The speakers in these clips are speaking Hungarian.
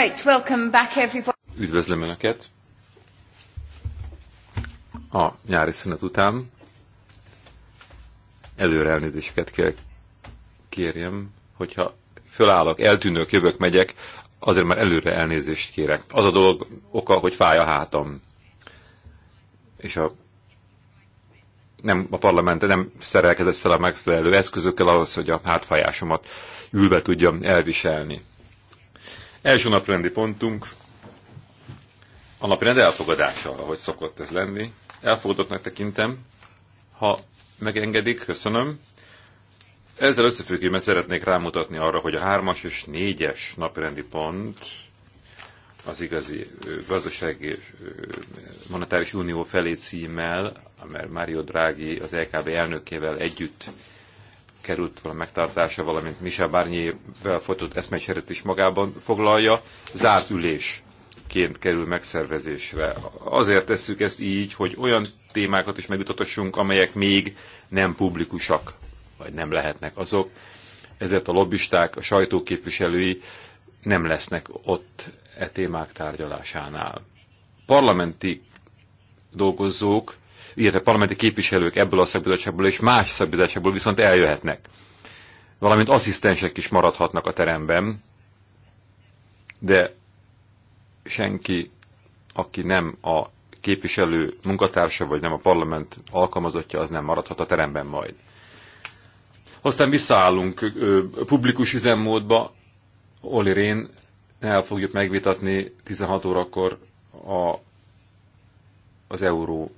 Right, welcome back everybody. Üdvözlöm Önöket! A nyári szünet után előre elnézéseket kell kérjem, hogyha fölállok, eltűnök, jövök, megyek, azért már előre elnézést kérek. Az a dolog oka, hogy fáj a hátam. És a nem a parlament nem szerelkezett fel a megfelelő eszközökkel ahhoz, hogy a hátfájásomat ülve tudjam elviselni. Első naprendi pontunk a naprend elfogadása, ahogy szokott ez lenni. Elfogadottnak tekintem, ha megengedik, köszönöm. Ezzel összefüggében szeretnék rámutatni arra, hogy a hármas és négyes naprendi pont az igazi gazdaság és monetáris unió felé címmel, amely Mário Draghi az LKB elnökével együtt került volna megtartása, valamint Michel Barnier-vel fotott eszmecseret is magában foglalja, zárt ülés ként kerül megszervezésre. Azért tesszük ezt így, hogy olyan témákat is megütatassunk, amelyek még nem publikusak, vagy nem lehetnek azok. Ezért a lobbisták, a sajtóképviselői nem lesznek ott e témák tárgyalásánál. Parlamenti dolgozók illetve parlamenti képviselők ebből a szakbizottságból és más szakbizottságból viszont eljöhetnek. Valamint asszisztensek is maradhatnak a teremben, de senki, aki nem a képviselő munkatársa, vagy nem a parlament alkalmazottja, az nem maradhat a teremben majd. Aztán visszaállunk ö, publikus üzemmódba. Oli Rén el fogjuk megvitatni 16 órakor a, az euró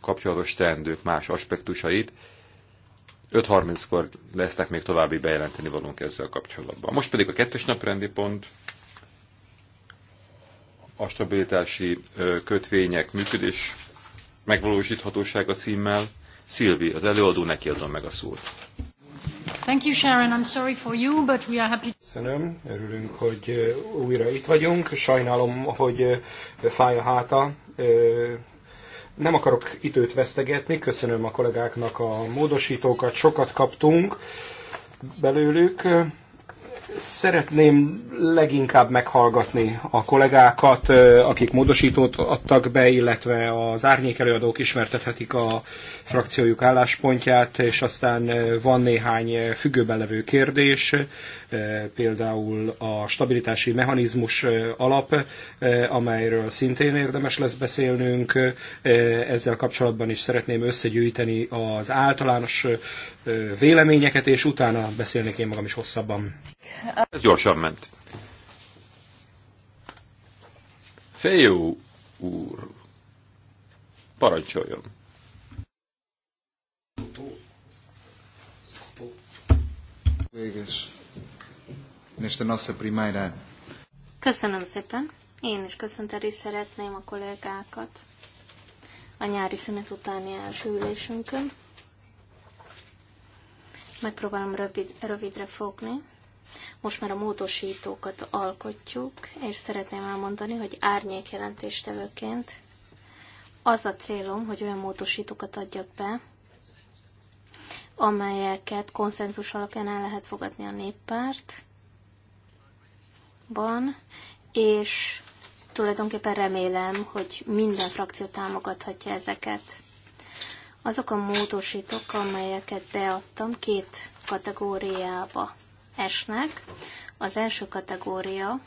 kapcsolatos teendők más aspektusait. 5.30-kor lesznek még további bejelenteni valónk ezzel kapcsolatban. Most pedig a kettes naprendi pont a stabilitási kötvények működés megvalósíthatósága címmel. Szilvi, az előadó, neki adom meg a szót. Thank you, Sharon. I'm sorry for you, but we are happy. Köszönöm, örülünk, hogy újra itt vagyunk. Sajnálom, hogy fáj a háta nem akarok időt vesztegetni, köszönöm a kollégáknak a módosítókat, sokat kaptunk belőlük. Szeretném leginkább meghallgatni a kollégákat, akik módosítót adtak be, illetve az árnyékelőadók ismertethetik a frakciójuk álláspontját, és aztán van néhány függőben levő kérdés, például a stabilitási mechanizmus alap, amelyről szintén érdemes lesz beszélnünk. Ezzel kapcsolatban is szeretném összegyűjteni az általános véleményeket, és utána beszélnék én magam is hosszabban. Ez gyorsan ment. Fejó úr, parancsoljon. Köszönöm szépen. Én is köszönteni szeretném a kollégákat a nyári szünet utáni első ülésünkön. Megpróbálom rövid, rövidre fogni most már a módosítókat alkotjuk, és szeretném elmondani, hogy árnyékjelentéstevőként az a célom, hogy olyan módosítókat adjak be, amelyeket konszenzus alapján el lehet fogadni a néppártban, és tulajdonképpen remélem, hogy minden frakció támogathatja ezeket. Azok a módosítók, amelyeket beadtam, két kategóriába esnek. Az első kategória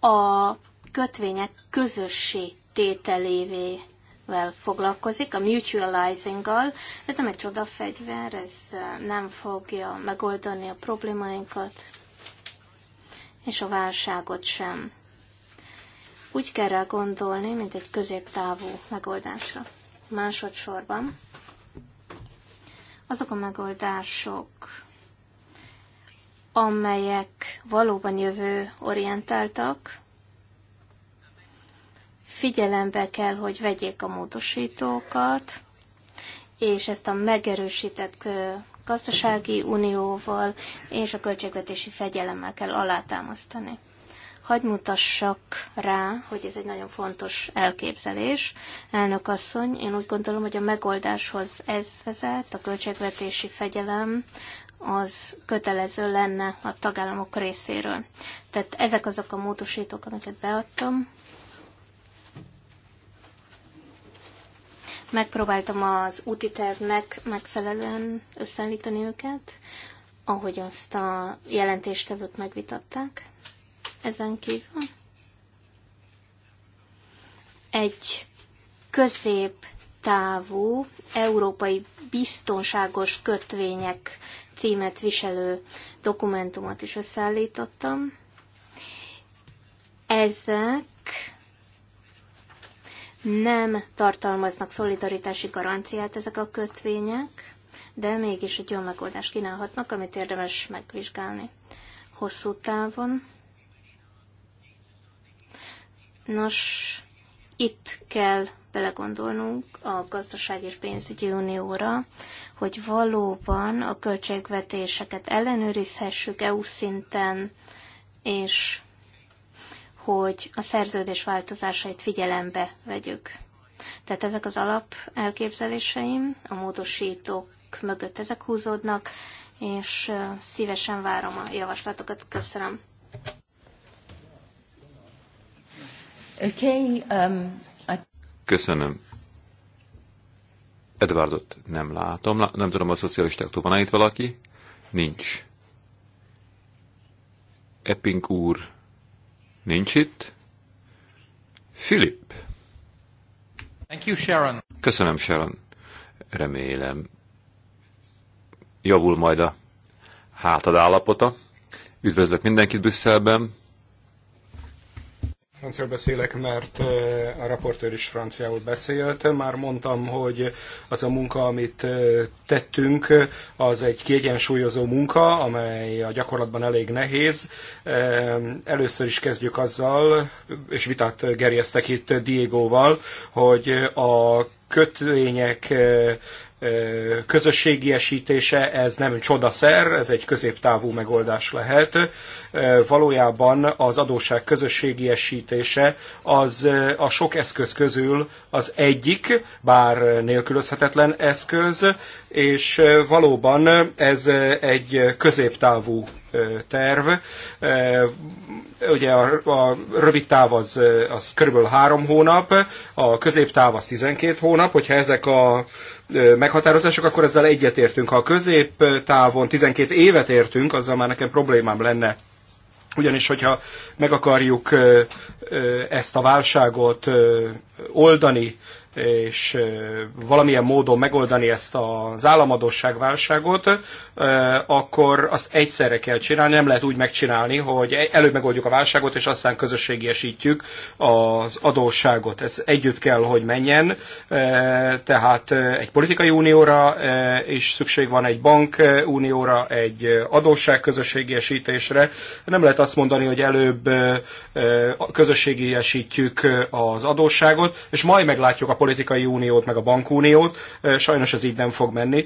a kötvények közössé tételévével foglalkozik, a mutualizinggal. Ez nem egy csodafegyver, ez eh, nem fogja megoldani a problémáinkat, és a válságot sem. Úgy kell rá gondolni, mint egy középtávú megoldásra. Másodszorban azok a megoldások, amelyek valóban jövő orientáltak, figyelembe kell, hogy vegyék a módosítókat, és ezt a megerősített gazdasági unióval és a költségvetési fegyelemmel kell alátámasztani. Hagy mutassak rá, hogy ez egy nagyon fontos elképzelés. Elnök asszony, én úgy gondolom, hogy a megoldáshoz ez vezet, a költségvetési fegyelem az kötelező lenne a tagállamok részéről. Tehát ezek azok a módosítók, amiket beadtam. Megpróbáltam az úti tervnek megfelelően összeállítani őket, ahogy azt a jelentéstevők megvitatták. Ezen kívül egy távú európai biztonságos kötvények címet viselő dokumentumot is összeállítottam. Ezek nem tartalmaznak szolidaritási garanciát ezek a kötvények, de mégis egy olyan megoldást kínálhatnak, amit érdemes megvizsgálni hosszú távon. Nos, itt kell belegondolnunk a gazdaság és pénzügyi unióra, hogy valóban a költségvetéseket ellenőrizhessük EU szinten, és hogy a szerződés változásait figyelembe vegyük. Tehát ezek az alap elképzeléseim, a módosítók mögött ezek húzódnak, és szívesen várom a javaslatokat. Köszönöm. Okay, um, I... Köszönöm. Edwardot nem látom. Nem tudom, a túl van -e itt valaki? Nincs. Epping úr nincs itt. Philip. Thank you, Sharon. Köszönöm, Sharon. Remélem. Javul majd a hátad állapota. Üdvözlök mindenkit Brüsszelben. Franciául beszélek, mert a raportőr is franciául beszélt. Már mondtam, hogy az a munka, amit tettünk, az egy kiegyensúlyozó munka, amely a gyakorlatban elég nehéz. Először is kezdjük azzal, és vitát gerjeztek itt Diegóval, hogy a kötvények közösségiesítése, ez nem csodaszer, ez egy középtávú megoldás lehet. Valójában az adósság közösségiesítése az a sok eszköz közül az egyik, bár nélkülözhetetlen eszköz, és valóban ez egy középtávú terv. Ugye a, a rövid táv az, az körülbelül három hónap, a középtáv az 12 hónap, hogyha ezek a meghatározások, akkor ezzel egyetértünk. Ha a középtávon 12 évet értünk, azzal már nekem problémám lenne. Ugyanis, hogyha meg akarjuk ezt a válságot oldani, és valamilyen módon megoldani ezt az államadosság válságot, akkor azt egyszerre kell csinálni, nem lehet úgy megcsinálni, hogy e- előbb megoldjuk a válságot, és aztán közösségiesítjük az adósságot. Ez együtt kell, hogy menjen, tehát egy politikai unióra is szükség van, egy bank unióra, egy adósság közösségiesítésre. Nem lehet azt mondani, hogy előbb közösségiesítjük az adósságot, és majd meglátjuk a politikai uniót, meg a bankuniót. Sajnos ez így nem fog menni.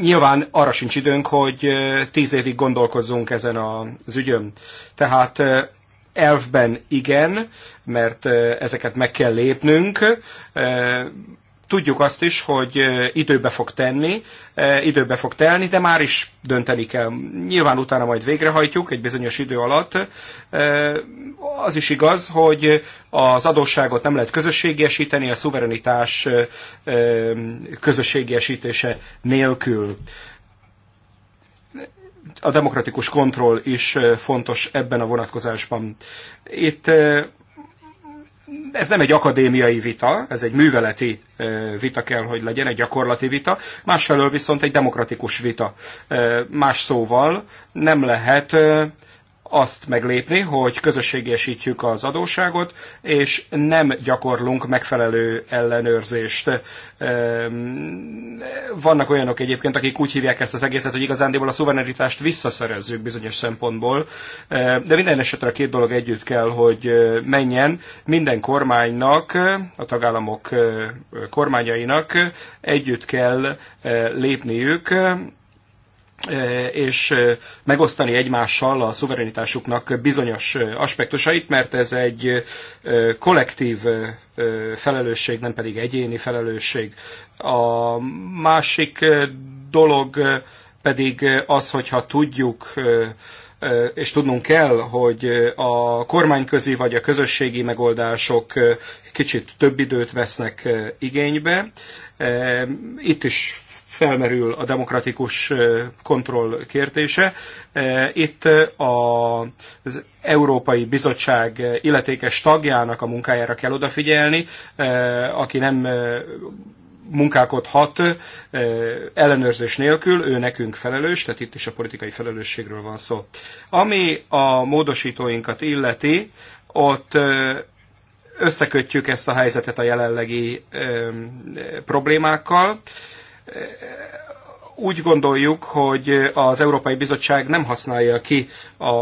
Nyilván arra sincs időnk, hogy tíz évig gondolkozzunk ezen az ügyön. Tehát elfben igen, mert ezeket meg kell lépnünk, Tudjuk azt is, hogy időbe fog tenni, időbe fog telni, de már is dönteni kell. Nyilván utána majd végrehajtjuk egy bizonyos idő alatt. Az is igaz, hogy az adósságot nem lehet közösségiesíteni, a szuverenitás közösségiesítése nélkül a demokratikus kontroll is fontos ebben a vonatkozásban. Itt ez nem egy akadémiai vita, ez egy műveleti vita kell, hogy legyen, egy gyakorlati vita, másfelől viszont egy demokratikus vita. Más szóval nem lehet azt meglépni, hogy közösségesítjük az adósságot, és nem gyakorlunk megfelelő ellenőrzést. Ehm, vannak olyanok egyébként, akik úgy hívják ezt az egészet, hogy igazándiból a szuverenitást visszaszerezzük bizonyos szempontból, ehm, de minden esetre a két dolog együtt kell, hogy menjen. Minden kormánynak, a tagállamok kormányainak együtt kell lépniük E, és e, megosztani egymással a szuverenitásuknak bizonyos e, aspektusait, mert ez egy kollektív felelősség, nem pedig egyéni felelősség. A másik dolog pedig az, hogyha tudjuk és tudnunk kell, hogy a kormányközi vagy a közösségi megoldások kicsit több időt vesznek igénybe. Itt is felmerül a demokratikus kontroll kérdése. Itt az Európai Bizottság illetékes tagjának a munkájára kell odafigyelni, aki nem munkálkodhat ellenőrzés nélkül, ő nekünk felelős, tehát itt is a politikai felelősségről van szó. Ami a módosítóinkat illeti, ott összekötjük ezt a helyzetet a jelenlegi problémákkal, úgy gondoljuk, hogy az Európai Bizottság nem használja ki a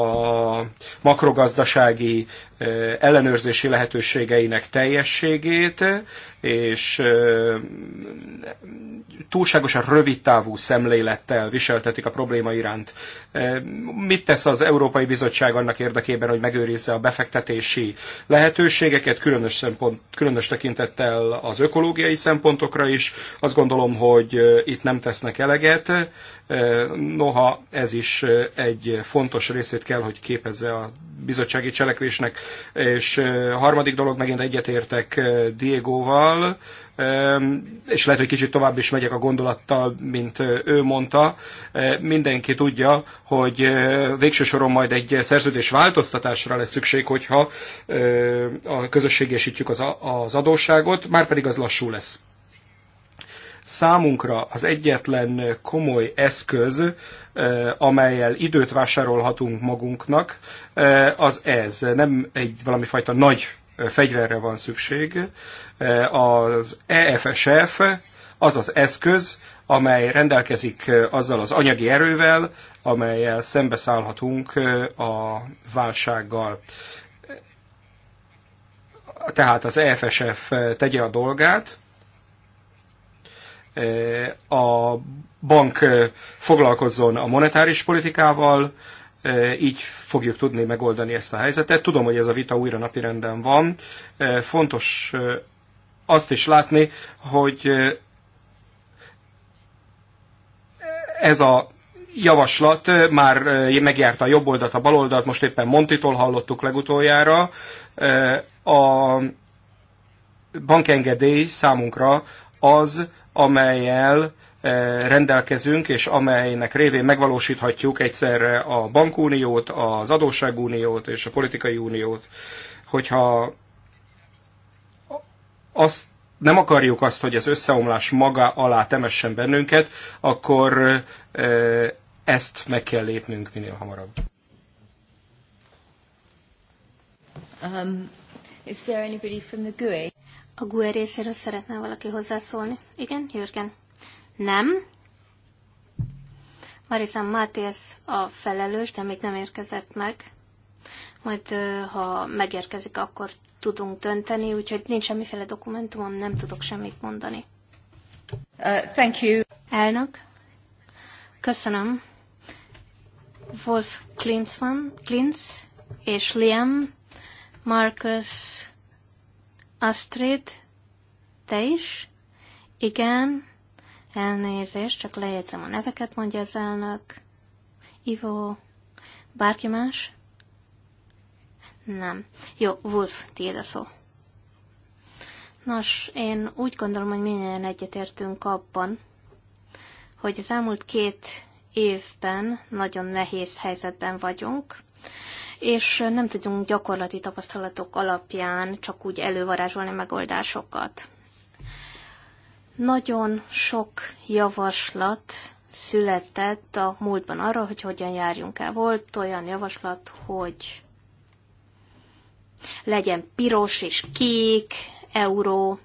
makrogazdasági eh, ellenőrzési lehetőségeinek teljességét, és túlságosan rövidtávú szemlélettel viseltetik a probléma iránt. Mit tesz az Európai Bizottság annak érdekében, hogy megőrizze a befektetési lehetőségeket, különös, szempont, különös tekintettel az ökológiai szempontokra is? Azt gondolom, hogy itt nem tesznek eleget, noha ez is egy fontos részét kell, hogy képezze a bizottsági cselekvésnek. És harmadik dolog, megint egyetértek Diegóval, gondolattal, és lehet, hogy kicsit tovább is megyek a gondolattal, mint ő mondta. Mindenki tudja, hogy végső soron majd egy szerződés változtatásra lesz szükség, hogyha a közösségesítjük az, az adósságot, már pedig az lassú lesz. Számunkra az egyetlen komoly eszköz, amelyel időt vásárolhatunk magunknak, az ez. Nem egy valami fajta nagy fegyverre van szükség. Az EFSF az az eszköz, amely rendelkezik azzal az anyagi erővel, amelyel szembeszállhatunk a válsággal. Tehát az EFSF tegye a dolgát, a bank foglalkozzon a monetáris politikával, így fogjuk tudni megoldani ezt a helyzetet. Tudom, hogy ez a vita újra napirenden van. Fontos azt is látni, hogy ez a javaslat már megjárta a jobb oldalt, a bal oldalt, most éppen Montitól hallottuk legutoljára. A bankengedély számunkra az, amelyel Eh, rendelkezünk, és amelynek révén megvalósíthatjuk egyszerre a bankuniót, az adósságuniót és a politikai uniót. Hogyha azt nem akarjuk azt, hogy az összeomlás maga alá temessen bennünket, akkor eh, ezt meg kell lépnünk minél hamarabb. Um, is there anybody from the GUE? A GUE részéről szeretne valaki hozzászólni. Igen, Jürgen? Nem. Marisa Mátész a felelős, de még nem érkezett meg. Majd, ha megérkezik, akkor tudunk dönteni, úgyhogy nincs semmiféle dokumentumom, nem tudok semmit mondani. Uh, thank you. Elnök. Köszönöm. Wolf Klinsmann, Klins és Liam, Marcus, Astrid, te is? Igen. Elnézést, csak lejegyzem a neveket, mondja az elnök. Ivo, bárki más? Nem. Jó, Wolf, tiéd a szó. Nos, én úgy gondolom, hogy minden egyetértünk abban, hogy az elmúlt két évben nagyon nehéz helyzetben vagyunk, és nem tudunk gyakorlati tapasztalatok alapján csak úgy elővarázsolni megoldásokat. Nagyon sok javaslat született a múltban arra, hogy hogyan járjunk el. Volt olyan javaslat, hogy legyen piros és kék euró,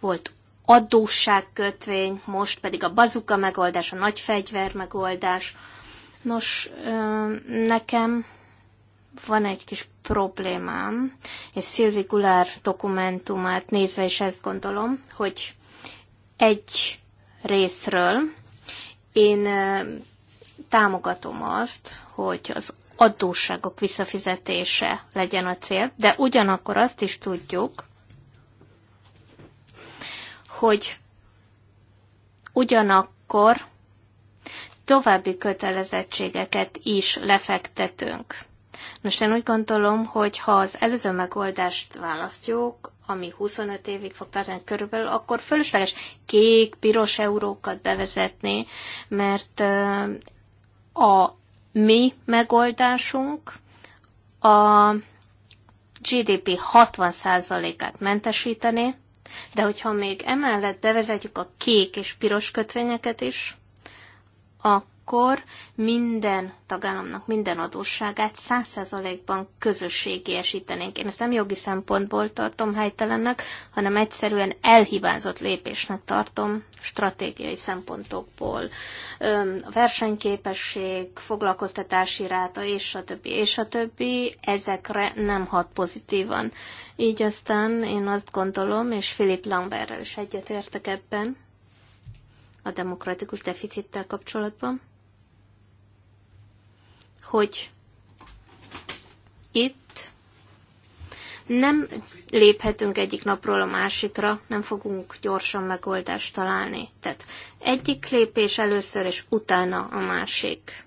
volt adósságkötvény, most pedig a bazuka megoldás, a nagy fegyver megoldás. Nos, nekem van egy kis problémám, és Szilvi Gulár dokumentumát nézve is ezt gondolom, hogy egy részről én támogatom azt, hogy az adósságok visszafizetése legyen a cél, de ugyanakkor azt is tudjuk, hogy ugyanakkor további kötelezettségeket is lefektetünk. Most én úgy gondolom, hogy ha az előző megoldást választjuk, ami 25 évig fog tartani körülbelül, akkor fölösleges kék-piros eurókat bevezetni, mert a mi megoldásunk a GDP 60%-át mentesíteni, de hogyha még emellett bevezetjük a kék és piros kötvényeket is, akkor akkor minden tagállamnak minden adósságát 100%-ban közösségiesítenénk. Én ezt nem jogi szempontból tartom helytelennek, hanem egyszerűen elhibázott lépésnek tartom stratégiai szempontokból. A versenyképesség, foglalkoztatási ráta, és a többi, és a többi, ezekre nem hat pozitívan. Így aztán én azt gondolom, és Philip Lamberrel is egyetértek ebben, a demokratikus deficittel kapcsolatban, hogy itt nem léphetünk egyik napról a másikra, nem fogunk gyorsan megoldást találni. Tehát egyik lépés először, és utána a másik.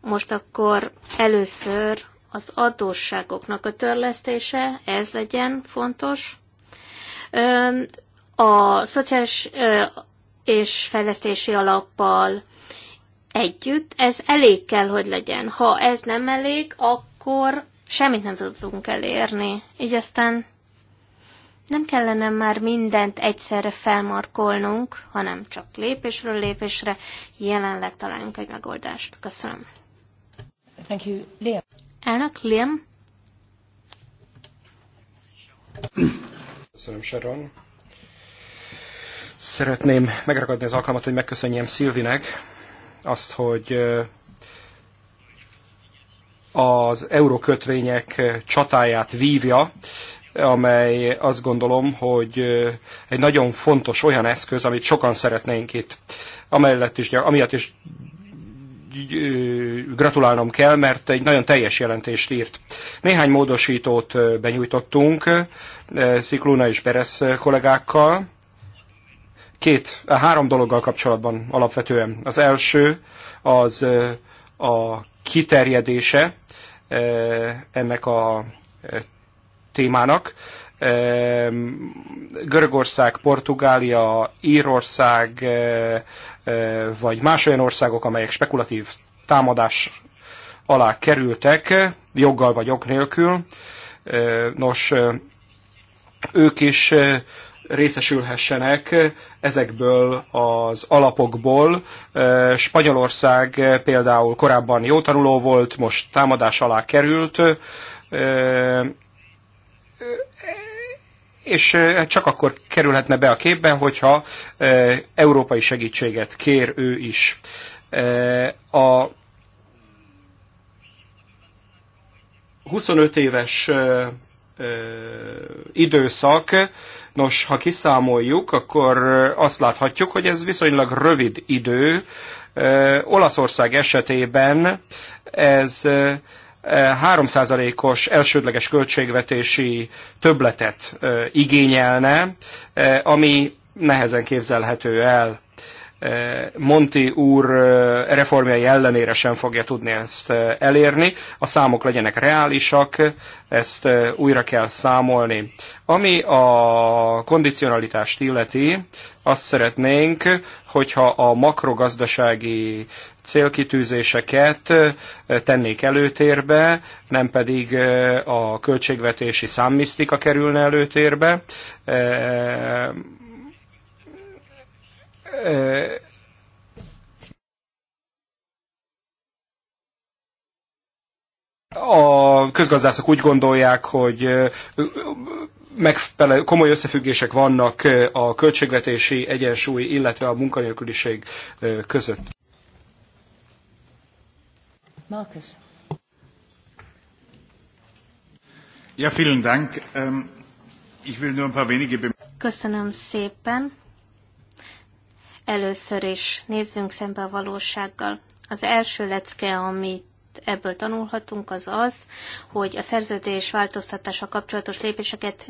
Most akkor először az adósságoknak a törlesztése, ez legyen fontos. A szociális és fejlesztési alappal, együtt, ez elég kell, hogy legyen. Ha ez nem elég, akkor semmit nem tudunk elérni. Így aztán nem kellene már mindent egyszerre felmarkolnunk, hanem csak lépésről lépésre jelenleg találjunk egy megoldást. Köszönöm. Thank you, Liam. Elnök, Liam. Köszönöm, Sharon. Szeretném megragadni az alkalmat, hogy megköszönjem Szilvinek azt, hogy az eurókötvények csatáját vívja, amely azt gondolom, hogy egy nagyon fontos olyan eszköz, amit sokan szeretnénk itt. Amellett is, amiatt is gratulálnom kell, mert egy nagyon teljes jelentést írt. Néhány módosítót benyújtottunk Szikluna és Beresz kollégákkal, két, eh, három dologgal kapcsolatban alapvetően. Az első az eh, a kiterjedése eh, ennek a témának. Görögország, Portugália, Írország, vagy más olyan országok, amelyek spekulatív támadás alá kerültek, joggal vagy ok nélkül. Nos, ők is részesülhessenek ezekből az alapokból. Spanyolország például korábban jó tanuló volt, most támadás alá került, és hát csak akkor kerülhetne be a képben, hogyha európai segítséget kér ő is. A 25 éves időszak Nos, ha kiszámoljuk, akkor azt láthatjuk, hogy ez viszonylag rövid idő. Olaszország esetében ez 3%-os elsődleges költségvetési töbletet igényelne, ami nehezen képzelhető el. Eh, Monti úr eh, reformjai ellenére sem fogja tudni ezt eh, elérni. A számok legyenek reálisak, ezt újra kell számolni. Ami a kondicionalitást illeti, azt szeretnénk, hogyha a makrogazdasági célkitűzéseket tennék előtérbe, nem pedig a költségvetési számmisztika kerülne előtérbe a közgazdászok úgy gondolják, hogy megfele, komoly összefüggések vannak a költségvetési egyensúly, illetve a munkanélküliség között. Markus. Ja, vielen Dank. Ähm, ich will nur ein paar wenige Köszönöm szépen. Először is nézzünk szembe a valósággal. Az első lecke, amit ebből tanulhatunk, az az, hogy a szerződés változtatása kapcsolatos lépéseket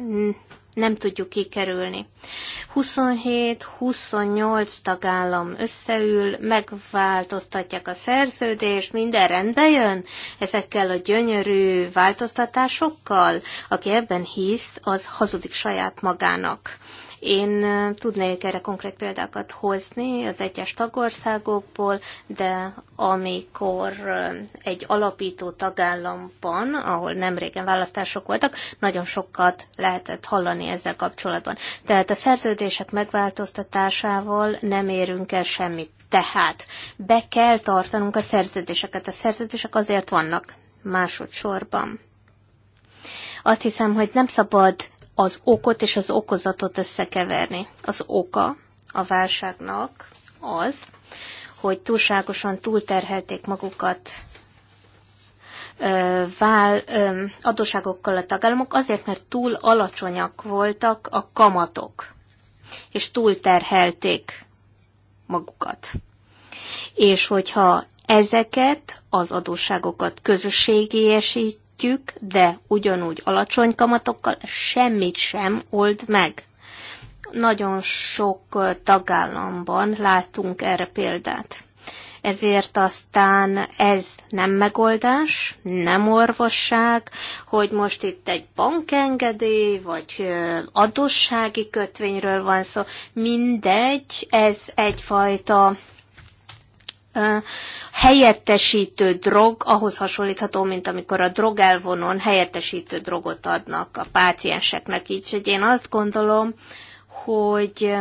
nem tudjuk kikerülni. 27-28 tagállam összeül, megváltoztatják a szerződést, minden rendbe jön ezekkel a gyönyörű változtatásokkal. Aki ebben hisz, az hazudik saját magának. Én tudnék erre konkrét példákat hozni az egyes tagországokból, de amikor egy alapító tagállamban, ahol nem régen választások voltak, nagyon sokat lehetett hallani ezzel kapcsolatban. Tehát a szerződések megváltoztatásával nem érünk el semmit. Tehát be kell tartanunk a szerződéseket. A szerződések azért vannak másodszorban. Azt hiszem, hogy nem szabad az okot és az okozatot összekeverni. Az oka a válságnak az, hogy túlságosan túlterhelték magukat vál, adóságokkal a tagállamok, azért, mert túl alacsonyak voltak a kamatok, és túlterhelték magukat. És hogyha ezeket az adósságokat közösségiesít, megszüntetjük, de ugyanúgy alacsony kamatokkal semmit sem old meg. Nagyon sok tagállamban látunk erre példát. Ezért aztán ez nem megoldás, nem orvosság, hogy most itt egy bankengedély, vagy adóssági kötvényről van szó, mindegy, ez egyfajta helyettesítő drog ahhoz hasonlítható, mint amikor a drogelvonon helyettesítő drogot adnak a pácienseknek. Így hogy én azt gondolom, hogy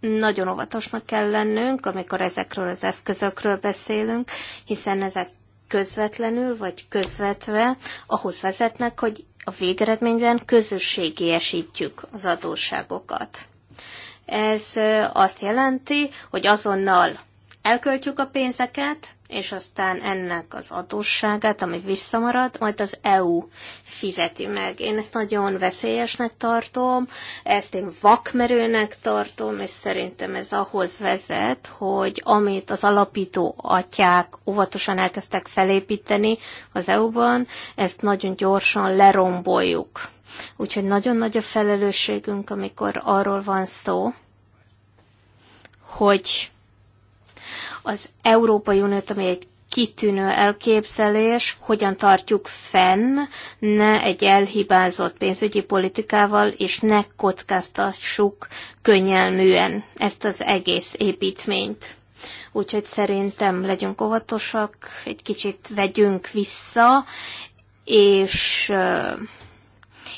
nagyon óvatosnak kell lennünk, amikor ezekről az eszközökről beszélünk, hiszen ezek közvetlenül vagy közvetve ahhoz vezetnek, hogy a végeredményben közösségiesítjük az adósságokat. Ez azt jelenti, hogy azonnal elköltjük a pénzeket, és aztán ennek az adósságát, ami visszamarad, majd az EU fizeti meg. Én ezt nagyon veszélyesnek tartom, ezt én vakmerőnek tartom, és szerintem ez ahhoz vezet, hogy amit az alapító atyák óvatosan elkezdtek felépíteni az EU-ban, ezt nagyon gyorsan leromboljuk. Úgyhogy nagyon nagy a felelősségünk, amikor arról van szó, hogy az Európai Uniót, ami egy kitűnő elképzelés, hogyan tartjuk fenn, ne egy elhibázott pénzügyi politikával, és ne kockáztassuk könnyelműen ezt az egész építményt. Úgyhogy szerintem legyünk óvatosak, egy kicsit vegyünk vissza, és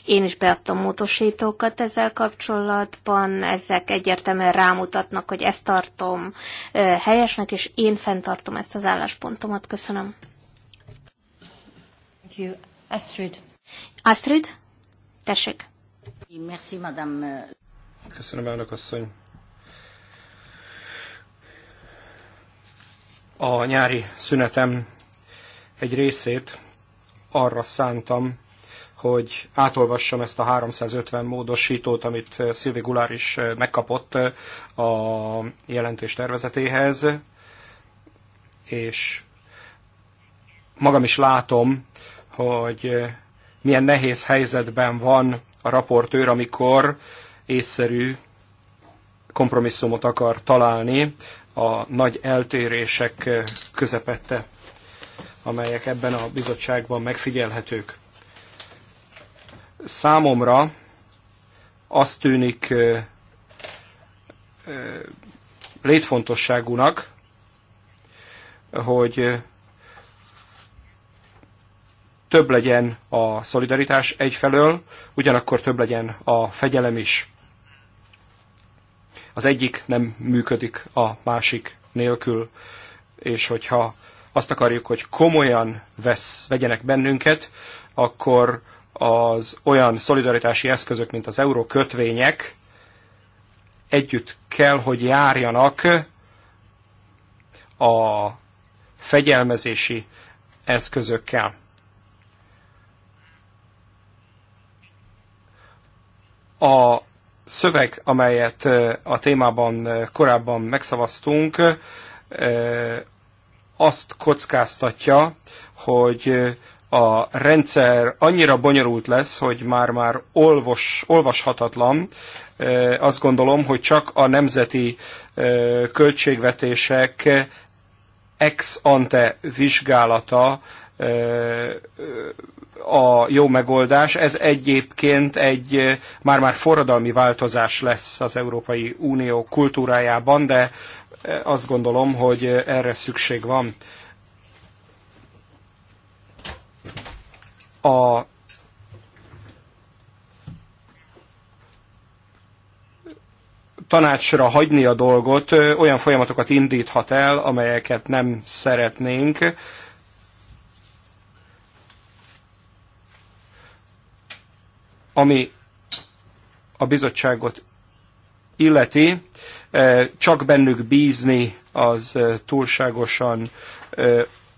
én is beadtam módosítókat ezzel kapcsolatban, ezek egyértelműen rámutatnak, hogy ezt tartom helyesnek, és én fenntartom ezt az álláspontomat. Köszönöm. Thank you. Astrid. Astrid, tessék. Merci, madame. Köszönöm, elnök asszony. a nyári szünetem egy részét arra szántam, hogy átolvassam ezt a 350 módosítót, amit eh, Szilvi Gulár is eh, megkapott eh, a jelentés tervezetéhez, és magam is látom, hogy milyen nehéz helyzetben van a raportőr, amikor észszerű kompromisszumot akar találni a nagy eltérések közepette, amelyek ebben a bizottságban megfigyelhetők. Számomra azt tűnik létfontosságúnak, hogy több legyen a szolidaritás egyfelől, ugyanakkor több legyen a fegyelem is. Az egyik nem működik a másik nélkül, és hogyha azt akarjuk, hogy komolyan vesz, vegyenek bennünket, akkor az olyan szolidaritási eszközök, mint az euró kötvények együtt kell, hogy járjanak a fegyelmezési eszközökkel. A szöveg, amelyet a témában korábban megszavaztunk, azt kockáztatja, hogy a rendszer annyira bonyolult lesz, hogy már-már olvos, olvashatatlan. Azt gondolom, hogy csak a nemzeti költségvetések ex ante vizsgálata a jó megoldás. Ez egyébként egy már-már forradalmi változás lesz az Európai Unió kultúrájában, de azt gondolom, hogy erre szükség van. a tanácsra hagyni a dolgot, olyan folyamatokat indíthat el, amelyeket nem szeretnénk. Ami a bizottságot illeti, csak bennük bízni az túlságosan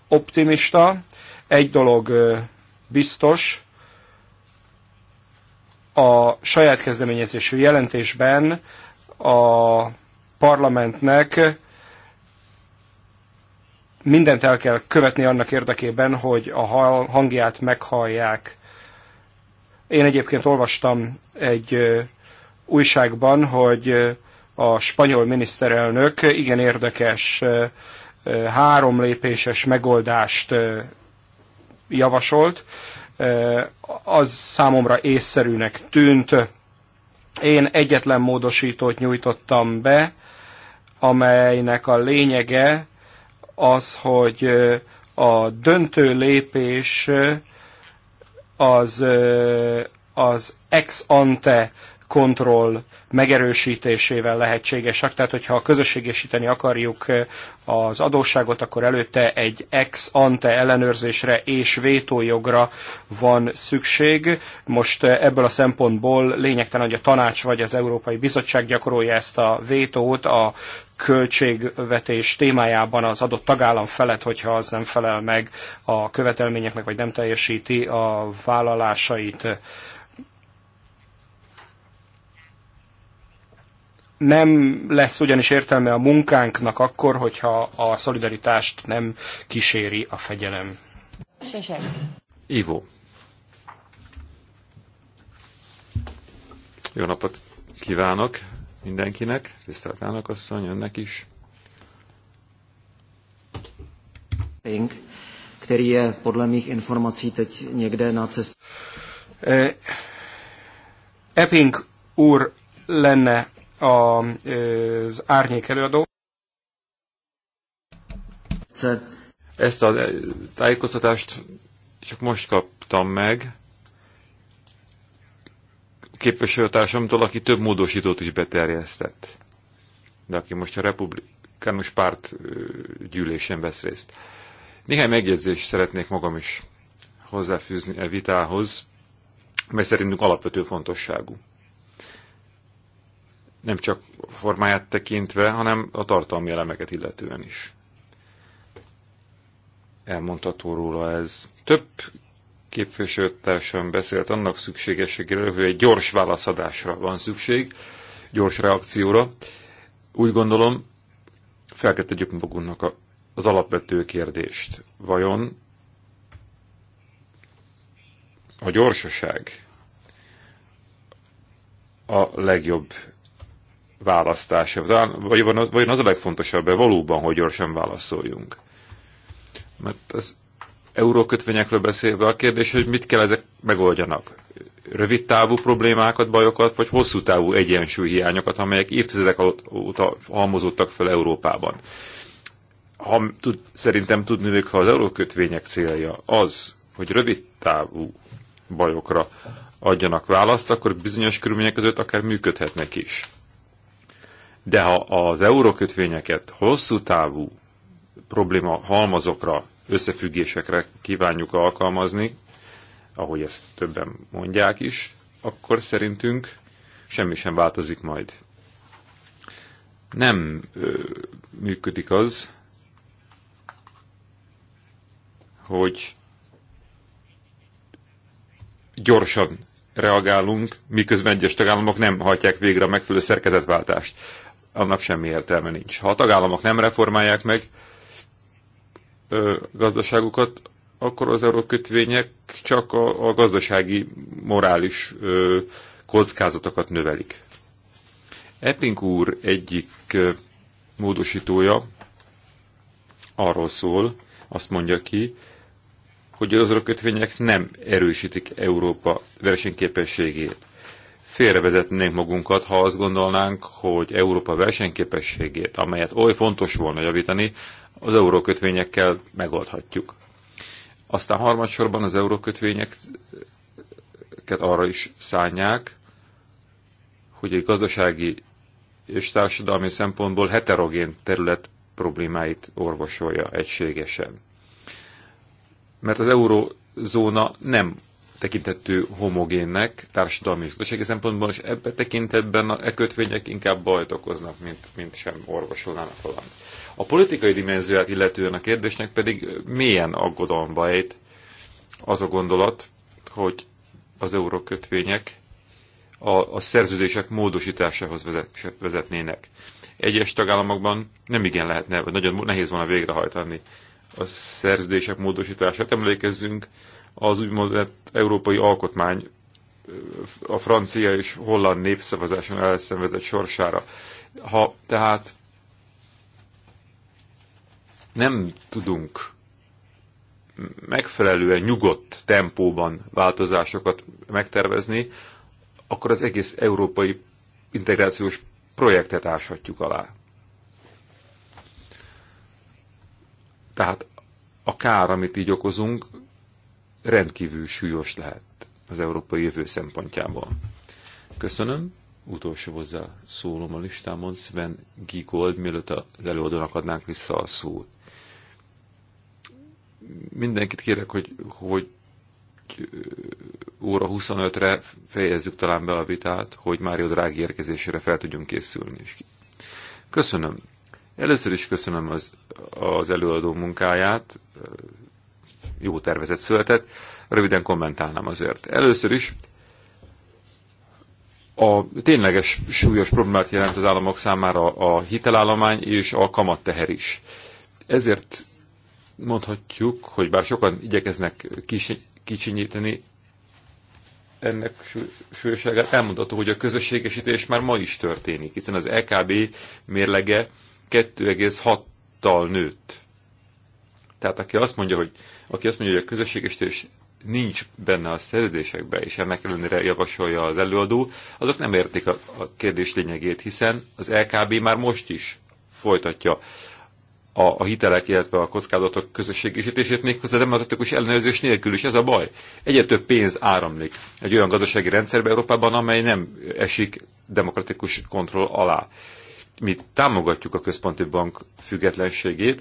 optimista. Egy dolog biztos a saját kezdeményezésű jelentésben a parlamentnek mindent el kell követni annak érdekében, hogy a hangját meghallják. Én egyébként olvastam egy újságban, hogy a spanyol miniszterelnök igen érdekes három lépéses megoldást javasolt, az számomra észszerűnek tűnt. Én egyetlen módosítót nyújtottam be, amelynek a lényege az, hogy a döntő lépés az, az ex ante kontroll megerősítésével lehetségesek. Tehát, hogyha közösségesíteni akarjuk eh, az adósságot, akkor előtte egy ex ante ellenőrzésre és vétójogra van szükség. Most eh, ebből a szempontból lényegtelen, hogy a tanács vagy az Európai Bizottság gyakorolja ezt a vétót a költségvetés témájában az adott tagállam felett, hogyha az nem felel meg a követelményeknek, vagy nem teljesíti a vállalásait. nem lesz ugyanis értelme a munkánknak akkor, hogyha a szolidaritást nem kíséri a fegyelem. Sosek. Ivo. Jó napot kívánok mindenkinek, tisztelt elnök asszony, önnek is. který je podle mých informací teď někde na cestě. Eh, Epping úr lenne az árnyék előadó. Ezt a tájékoztatást csak most kaptam meg képviselőtársamtól, aki több módosítót is beterjesztett. De aki most a republikánus párt gyűlésen vesz részt. Néhány megjegyzést szeretnék magam is hozzáfűzni a e vitához, mert szerintünk alapvető fontosságú nem csak formáját tekintve, hanem a tartalmi elemeket illetően is. Elmondható róla ez. Több képviselőtársam beszélt annak szükségességéről, hogy egy gyors válaszadásra van szükség, gyors reakcióra. Úgy gondolom, fel kell tegyük magunknak a, az alapvető kérdést. Vajon a gyorsaság a legjobb választása? Vagy vajon az a legfontosabb -e valóban, hogy gyorsan válaszoljunk? Mert az eurókötvényekről beszélve a kérdés, hogy mit kell ezek megoldjanak. Rövid távú problémákat, bajokat, vagy hosszú távú egyensúlyhiányokat, amelyek évtizedek óta halmozódtak fel Európában. Ha, tud, szerintem tudni, ha az eurókötvények célja az, hogy rövid távú bajokra adjanak választ, akkor bizonyos körülmények között akár működhetnek is. De ha az eurókötvényeket hosszú távú probléma halmazokra, összefüggésekre kívánjuk alkalmazni, ahogy ezt többen mondják is, akkor szerintünk semmi sem változik majd. Nem ö, működik az, hogy gyorsan reagálunk, miközben egyes tagállamok nem hajtják végre a megfelelő szerkezetváltást annak semmi értelme nincs. Ha a tagállamok nem reformálják meg ö, gazdaságukat, akkor az eurókötvények csak a, a gazdasági, morális ö, kockázatokat növelik. Epping úr egyik ö, módosítója arról szól, azt mondja ki, hogy az eurókötvények nem erősítik Európa versenyképességét félrevezetnénk magunkat, ha azt gondolnánk, hogy Európa versenyképességét, amelyet oly fontos volna javítani, az eurókötvényekkel megoldhatjuk. Aztán harmadsorban az eurókötvényeket arra is szánják, hogy egy gazdasági és társadalmi szempontból heterogén terület problémáit orvosolja egységesen. Mert az eurózóna nem tekintető homogénnek társadalmi biztonsági szempontból, és ebbe tekintetben a, e kötvények inkább bajt okoznak, mint, mint sem orvosolnának valamit. A politikai dimenzióját illetően a kérdésnek pedig milyen aggodalomba ejt az a gondolat, hogy az eurókötvények a, a szerződések módosításához vezet, vezetnének. Egyes tagállamokban nem igen lehetne, vagy nagyon nehéz volna végrehajtani a szerződések módosítását. Emlékezzünk az úgymond európai alkotmány a francia és holland népszavazáson elszenvedett sorsára. Ha tehát nem tudunk megfelelően nyugodt tempóban változásokat megtervezni, akkor az egész európai integrációs projektet áshatjuk alá. Tehát a kár, amit így okozunk, rendkívül súlyos lehet az európai jövő szempontjából. Köszönöm. Utolsó hozzá szólom a listámon, Sven Gigold, mielőtt az előadónak adnánk vissza a szót. Mindenkit kérek, hogy, hogy óra 25-re fejezzük talán be a vitát, hogy Mário Drági érkezésére fel tudjunk készülni. Köszönöm. Először is köszönöm az, az előadó munkáját, jó tervezet született. Röviden kommentálnám azért. Először is a tényleges súlyos problémát jelent az államok számára a hitelállomány és a kamatteher is. Ezért mondhatjuk, hogy bár sokan igyekeznek kis, kicsinyíteni ennek súlyosságát, elmondható, hogy a közösségesítés már ma is történik, hiszen az EKB mérlege 2,6-tal nőtt tehát aki azt mondja, hogy, aki azt mondja, hogy a közösségesítés nincs benne a szerződésekbe, és ennek ellenére javasolja az előadó, azok nem értik a, a kérdés lényegét, hiszen az LKB már most is folytatja a, a hitelek, illetve a kockázatok közösségisítését méghozzá demokratikus ellenőrzés nélkül is. Ez a baj. Egyre több pénz áramlik egy olyan gazdasági rendszerbe Európában, amely nem esik demokratikus kontroll alá. Mi támogatjuk a központi bank függetlenségét,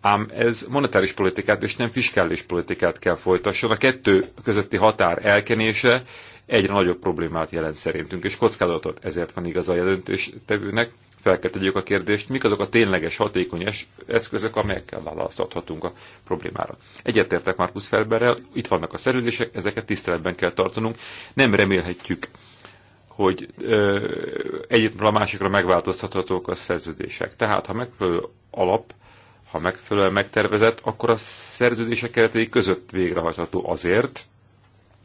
ám ez monetáris politikát és nem fiskális politikát kell folytasson. A kettő közötti határ elkenése egyre nagyobb problémát jelent szerintünk, és kockázatot ezért van igaz a jelentéstevőnek. Fel kell tegyük a kérdést, mik azok a tényleges hatékony eszközök, amelyekkel választhatunk a problémára. Egyetértek már Ferberrel, itt vannak a szerződések, ezeket tiszteletben kell tartanunk. Nem remélhetjük, hogy egyikről a másikra megváltoztathatók a szerződések. Tehát, ha megfelelő alap ha megfelelően megtervezett, akkor a szerződések keretei között végrehajtható azért,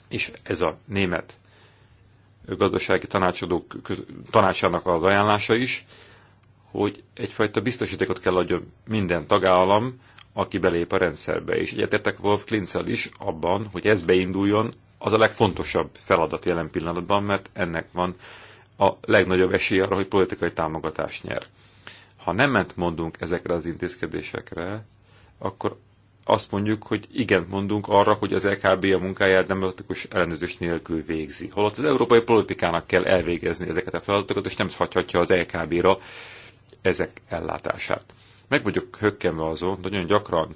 és ez a német gazdasági tanácsadók tanácsának az ajánlása is, hogy egyfajta biztosítékot kell adjon minden tagállam, aki belép a rendszerbe. És egyetértek Wolf Klinzel is abban, hogy ez beinduljon, az a legfontosabb feladat jelen pillanatban, mert ennek van a legnagyobb esélye arra, hogy politikai támogatást nyer. Ha nemet mondunk ezekre az intézkedésekre, akkor azt mondjuk, hogy igen mondunk arra, hogy az LKB a munkáját demokratikus ellenőrzés nélkül végzi. Holott az európai politikának kell elvégezni ezeket a feladatokat, és nem hagyhatja az LKB-ra ezek ellátását. Meg vagyok hökkenve azon, hogy nagyon gyakran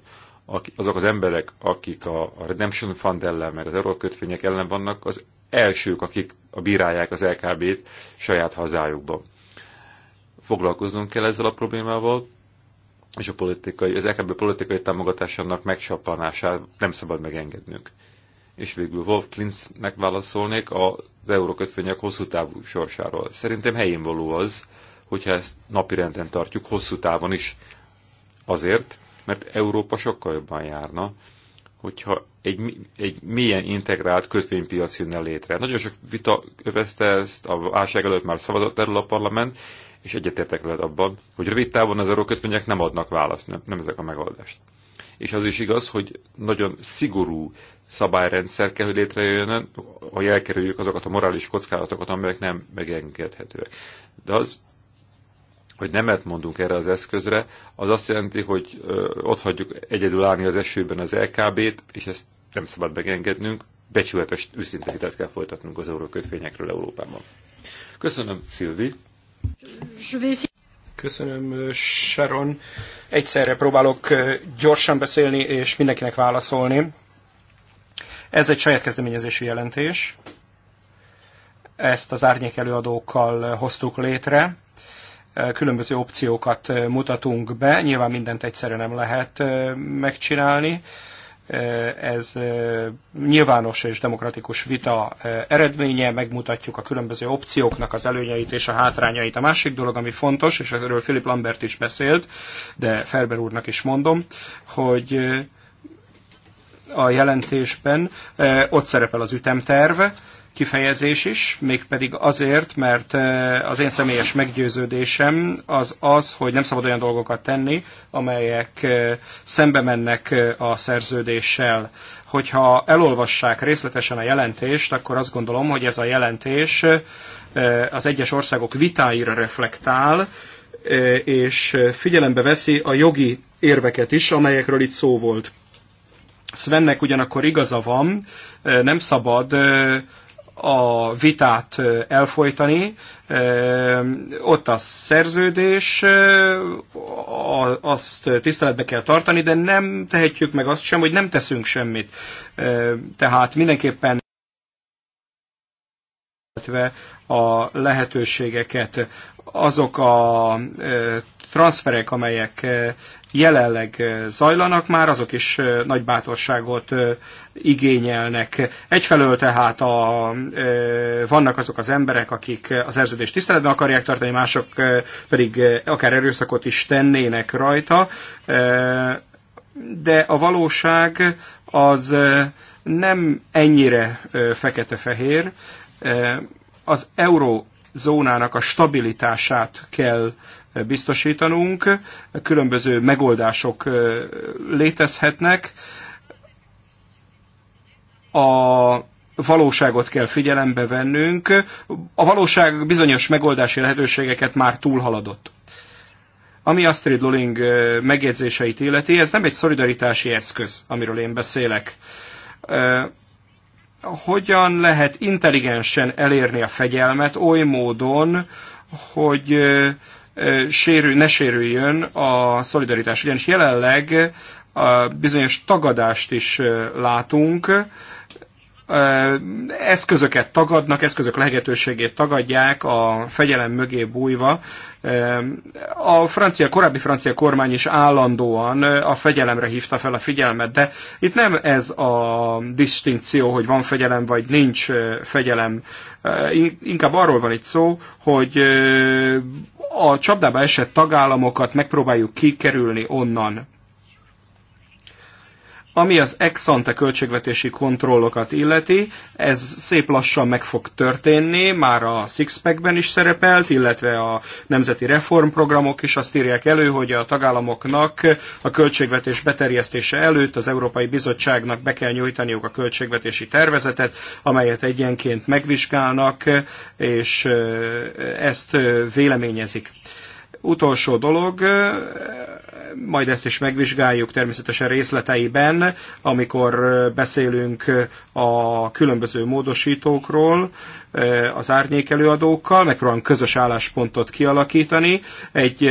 azok az emberek, akik a Redemption Fund ellen, meg az kötvények ellen vannak, az elsők, akik bírálják az LKB-t saját hazájukban foglalkoznunk kell ezzel a problémával, és a politikai, az EKB politikai támogatásának megcsapanását nem szabad megengednünk. És végül Wolf Klinznek válaszolnék az eurókötvények hosszú távú sorsáról. Szerintem helyén való az, hogyha ezt napirenden tartjuk hosszú távon is. Azért, mert Európa sokkal jobban járna, hogyha egy, egy mélyen integrált kötvénypiac jönne létre. Nagyon sok vita övezte ezt, a válság előtt már szavazott erről a parlament, és egyetértek veled abban, hogy rövid távon az eurókötvények nem adnak választ, nem, nem ezek a megoldást. És az is igaz, hogy nagyon szigorú szabályrendszer kell, hogy létrejöjjön, hogy elkerüljük azokat a morális kockázatokat, amelyek nem megengedhetőek. De az, hogy nemet mondunk erre az eszközre, az azt jelenti, hogy ott hagyjuk egyedül állni az esőben az LKB-t, és ezt nem szabad megengednünk, becsületes őszinte kell folytatnunk az eurókötvényekről Európában. Köszönöm, Szilvi! Köszönöm, Sharon. Egyszerre próbálok gyorsan beszélni és mindenkinek válaszolni. Ez egy saját kezdeményezési jelentés. Ezt az árnyék előadókkal hoztuk létre. Különböző opciókat mutatunk be. Nyilván mindent egyszerre nem lehet megcsinálni Eh, ez eh, nyilvános és demokratikus vita eh, eredménye, megmutatjuk a különböző opcióknak az előnyeit és a hátrányait. A másik dolog, ami fontos, és erről Philip Lambert is beszélt, de Ferber úrnak is mondom, hogy a jelentésben ott szerepel az ütemterve, kifejezés is, mégpedig azért, mert eh, az én személyes meggyőződésem az az, hogy nem szabad olyan dolgokat tenni, amelyek eh, szembe mennek eh, a szerződéssel. Hogyha elolvassák részletesen a jelentést, akkor azt gondolom, hogy ez a jelentés az egyes országok vitáira reflektál, és figyelembe veszi a jogi érveket is, amelyekről itt szó volt. Svennek ugyanakkor igaza van, nem szabad a vitát elfolytani. Ott a szerződés, azt tiszteletbe kell tartani, de nem tehetjük meg azt sem, hogy nem teszünk semmit. Tehát mindenképpen illetve a lehetőségeket, azok a e, transferek, amelyek e, jelenleg e, zajlanak már, azok is nagy bátorságot igényelnek. Egyfelől tehát a, vannak azok az emberek, akik az szerződést tiszteletben akarják tartani, mások pedig akár erőszakot is tennének rajta, de a valóság az nem ennyire fekete-fehér, Eh, az eurózónának a stabilitását kell eh, biztosítanunk, különböző megoldások eh, létezhetnek, a valóságot kell figyelembe vennünk, a valóság bizonyos megoldási lehetőségeket már túlhaladott. Ami Astrid Luling megjegyzéseit illeti, ez nem egy szolidaritási eszköz, amiről én beszélek hogyan lehet intelligensen elérni a fegyelmet oly módon, hogy sérül, ne sérüljön a szolidaritás. Ugyanis jelenleg a bizonyos tagadást is látunk, eszközöket tagadnak, eszközök lehetőségét tagadják a fegyelem mögé bújva. A francia, korábbi francia kormány is állandóan a fegyelemre hívta fel a figyelmet, de itt nem ez a distinció, hogy van fegyelem vagy nincs fegyelem. Inkább arról van itt szó, hogy a csapdába esett tagállamokat megpróbáljuk kikerülni onnan. Ami az ex-ante költségvetési kontrollokat illeti, ez szép lassan meg fog történni, már a Sixpackben is szerepelt, illetve a nemzeti reformprogramok is azt írják elő, hogy a tagállamoknak a költségvetés beterjesztése előtt az Európai Bizottságnak be kell nyújtaniuk a költségvetési tervezetet, amelyet egyenként megvizsgálnak, és ezt véleményezik. Utolsó dolog, majd ezt is megvizsgáljuk természetesen részleteiben, amikor beszélünk a különböző módosítókról az árnyék előadókkal, megpróbálunk közös álláspontot kialakítani. Egy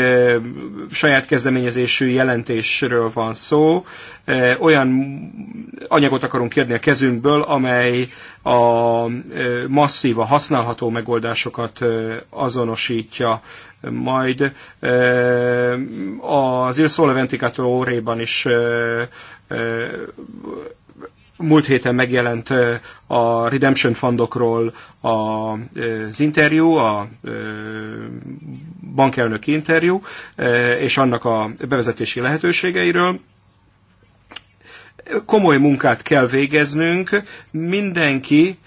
saját kezdeményezésű jelentésről van szó. Olyan anyagot akarunk kérni a kezünkből, amely a masszív, a használható megoldásokat azonosítja majd eh, az Il Sole óréban is eh, eh, múlt héten megjelent a Redemption fundokról az interjú, a bankelnöki interjú, és annak a bevezetési lehetőségeiről. Komoly munkát kell végeznünk, mindenki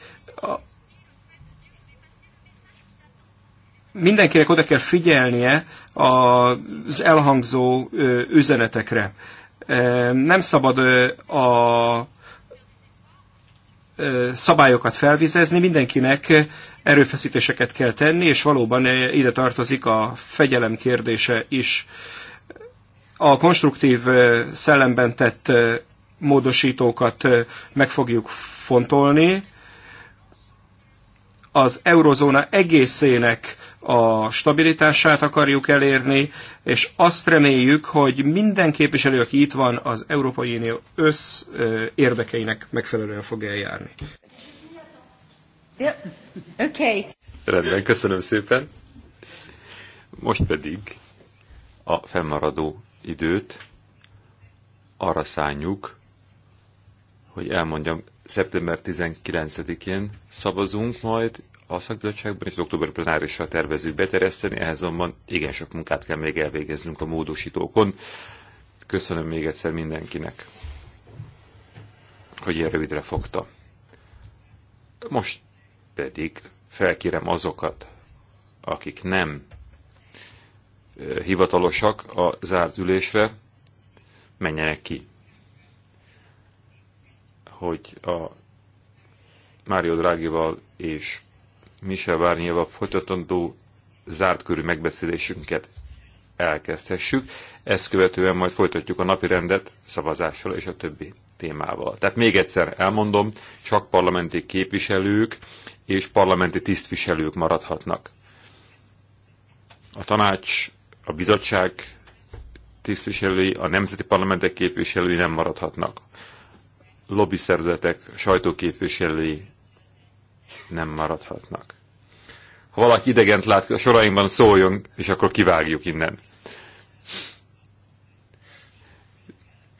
mindenkinek oda kell figyelnie az elhangzó üzenetekre. Nem szabad a szabályokat felvizezni, mindenkinek erőfeszítéseket kell tenni, és valóban ide tartozik a fegyelem kérdése is. A konstruktív szellemben tett módosítókat meg fogjuk fontolni. Az eurozóna egészének a stabilitását akarjuk elérni, és azt reméljük, hogy minden képviselő, aki itt van, az Európai Unió össz érdekeinek megfelelően fog eljárni. Yep. Okay. Rendben, köszönöm szépen. Most pedig a fennmaradó időt arra szánjuk, hogy elmondjam, szeptember 19-én szavazunk majd, a szakbizottságban, és az október plenárisra tervezünk betereszteni, ehhez azonban igen sok munkát kell még elvégeznünk a módosítókon. Köszönöm még egyszer mindenkinek, hogy ilyen rövidre fogta. Most pedig felkérem azokat, akik nem hivatalosak a zárt ülésre, menjenek ki. Hogy a Mário Drágival és Michel Várnyéval folytatandó zárt körű megbeszélésünket elkezdhessük. Ezt követően majd folytatjuk a napi rendet szavazással és a többi témával. Tehát még egyszer elmondom, csak parlamenti képviselők és parlamenti tisztviselők maradhatnak. A tanács, a bizottság tisztviselői, a nemzeti parlamentek képviselői nem maradhatnak. Lobby szerzetek, sajtóképviselői nem maradhatnak. Ha valaki idegent lát a sorainkban, szóljon, és akkor kivágjuk innen.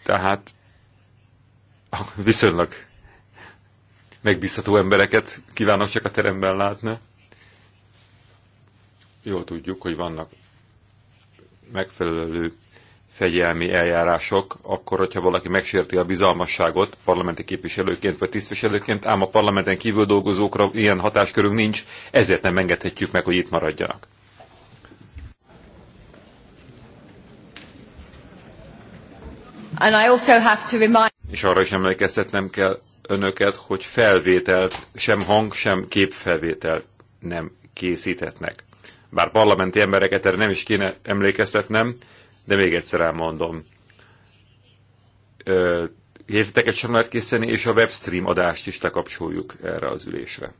Tehát viszonylag megbízható embereket kívánok csak a teremben látni. Jól tudjuk, hogy vannak megfelelő fegyelmi eljárások, akkor, hogyha valaki megsérti a bizalmasságot parlamenti képviselőként vagy tisztviselőként, ám a parlamenten kívül dolgozókra ilyen hatáskörünk nincs, ezért nem engedhetjük meg, hogy itt maradjanak. And I also have to remind... És arra is emlékeztetnem kell önöket, hogy felvételt, sem hang, sem képfelvétel nem készíthetnek. Bár parlamenti embereket erre nem is kéne emlékeztetnem, de még egyszer elmondom. Jegyzeteket sem lehet készíteni, és a webstream adást is lekapcsoljuk erre az ülésre.